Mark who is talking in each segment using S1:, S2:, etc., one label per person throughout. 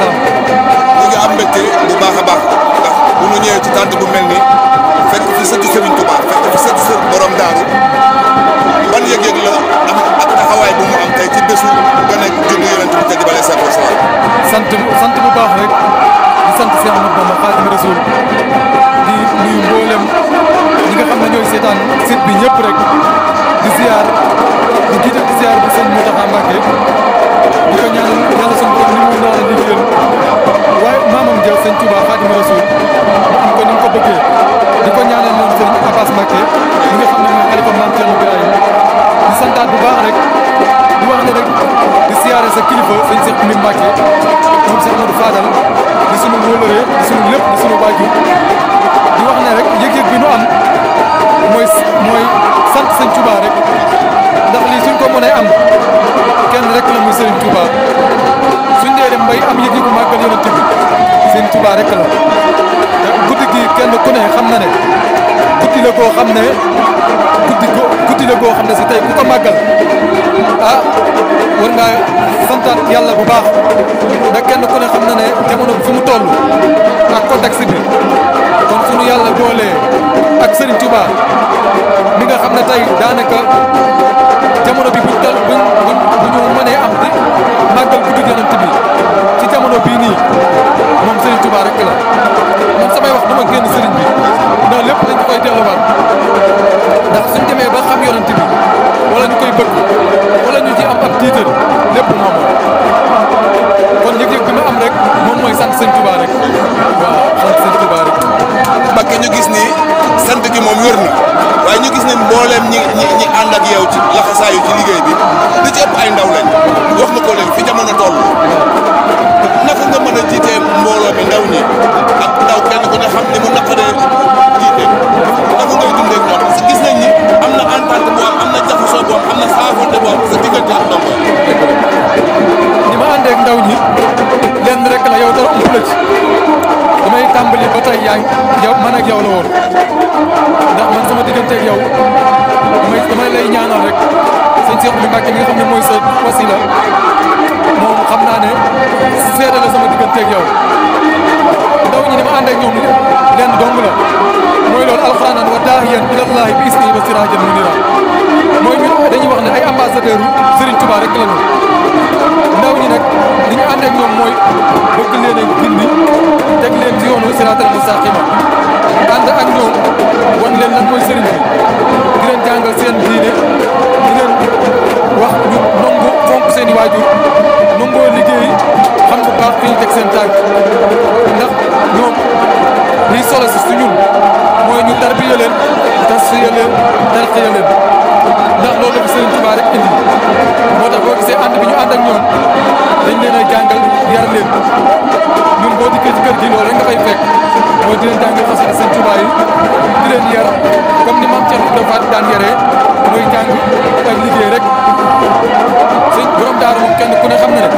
S1: salaam. ñu ngi am mbégte bu baax a baax ndax bu ñu ñëwee ci tànt bu mel nii fekk fi sëtu Serigne Touba fekk fi sëtu sëtu borom daaru ban yëg-yëg la am ak taxawaay bu mu am tey ci bésu ba nekk juddu yonent bi tëdd ba lay sant bu baax rek di sant
S2: Cheikh Ahmadou Bamba Xaadimu di nuyu mboolem ñi nga xam ne ñooy bi ñëpp rek di ziar di jiite bu sëñ Mountakha sëñ Touba Xaadimu Rasuul mu am ko ni mu ko bëggee di ko ñaanal moom sëñ Abbas Mbacké mi nga xam ne mooy xalifa Maam Cerno Birahim di santaat bu baax rek di wax ne rek di siyaare sa kilifa sëñ Seex Umi Mbacké moom Seex Moodu Faadal di sunu wóolëree di sunu lépp di sunu waajur la koo xam ne guddi go guddi la goo xam ne si tey ku ko màggal ah war ngaa santaat yàlla bu baax ndax kenn ku ne xam na ne jamono bi fu mu toll ak contexte bi kon sunu yàlla boolee ak Serigne Touba mi nga xam ne tey daanaka.
S1: laxasaayu ci liggéey bi li ci ëpp ay ndaw lañ wax na ko léegi fi jamono toll naka nga mën a jiitee mbooloo mi ndaw ñi ak ndaw kenn ku ne xam ni na entente boobu am na jaxasoo boobu na saafonte boobu
S2: ma àndee ak ndaw ñi lenn rek la yow dara ëpp la ci damay ba tey yaa ngi yow man la woon ndax man sama diggante ak yow damay damay lay i rek sëñ Cheikh bi Mbacke mi nga xam ne mooy sa wasila moom xam naa ne seede la sama digganteeg yow ndaw ñi dama ànd ak ñoom lenn dong la mooy loolu alxuraan wa daahiyan ilallahi bi ismihi wa siraajan munira mooy ñu dañuy wax ne ay ambassadeur Serigne Touba rek la ñu ndaw ñi nag li ñu ànd ak ñoom mooy bëgg leen a gindi teg leen ci yoonu siraatal mustaqiima ànd ak ñoom wan leen lan mooy Serigne fi ñu teg seen tànk ndax ñoom liy solo si su ñun mooy ñu tarbiya leen tasfiya leen tarqiya leen ndax loolu la fi Sëriñ Tuubaa rek indi moo tax boo gisee ànd bi ñu ànd ak ñoom dañ leen a jàngal yar leen ñun boo dikkee ci kër gi loolu rek nga fay fekk mooy di leen jàngal xasida Sëriñ Tuubaa yi di leen yar comme ni Maam Cerno Ibra Faal daan yaree muy jàng ak liggéey rek sëñ borom daara moom kenn ku ne xam na ne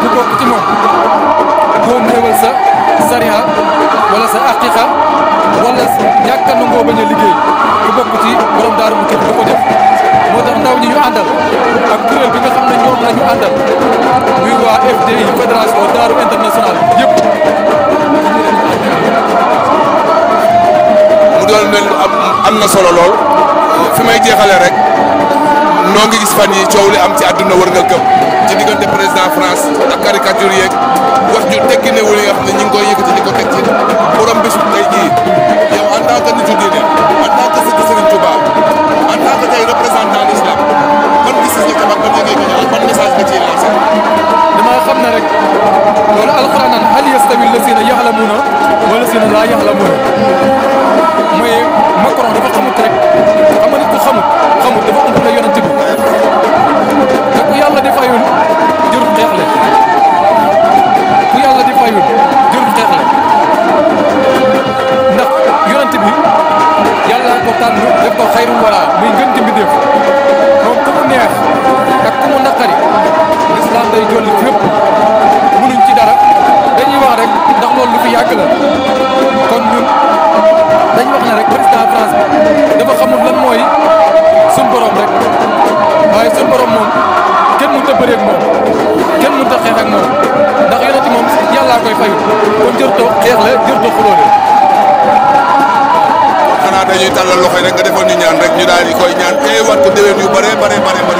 S2: du bokk ci moom boo néewal sa sariha wala sa aqiqa wala ñàkk a nangoo bañ a liggéey ku bokk ci borom daaru bu képp du moo tax ndaw ñi ñu àndal ak bi nga xam ne ñoom la ñu àndal muy waa FDI fédération daaru international yëpp
S1: mu doon mel am na solo lool fi may jeexale rek noo ngi gis fan yi coow li am ci àdduna wërngal këpp ci diggante président France ak caricature yeeg wax ju tekki ne wul yi nga xam ñu ngi koy yëkkati di ko teg ci borom bis bu tey jii yow en tant que nitu diine en tant que sëriñ Serigne Touba en tant que tey représentant l'islam ban gis-gis nga ca ban déggee nga ban message nga
S2: ciy lancé. dama xam ne rek loolu alxuraan naan hal yastawi lazina yaxlamuuna wa lazina laa yaxlamuuna mooy Macron dafa xamut rek xam nga nit ku xamut xamut ak moom kenn mënut a xeex ak moom ndax yonent moom yàlla koy fayu kon jërëjëf xeex
S1: la jërëjëf xulóole. xanaa dañuy tàllal loxo rek nga defoon ñaan rek ñu daal di koy ñaan ay eh, waxtu déwén yu bëree bëree bëri.